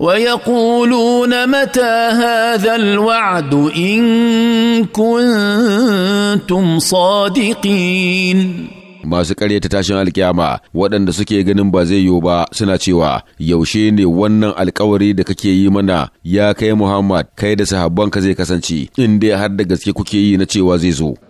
ويقولون متى هذا الوعد ان كنتم صادقين masu ƙaryata tashin alkiyama waɗanda suke ganin ba zai yiwu ba suna cewa yaushe ne wannan alkawari da kake yi mana ya kai muhammad kai da ka zai kasance in dai har da gaske kuke yi na cewa zai zo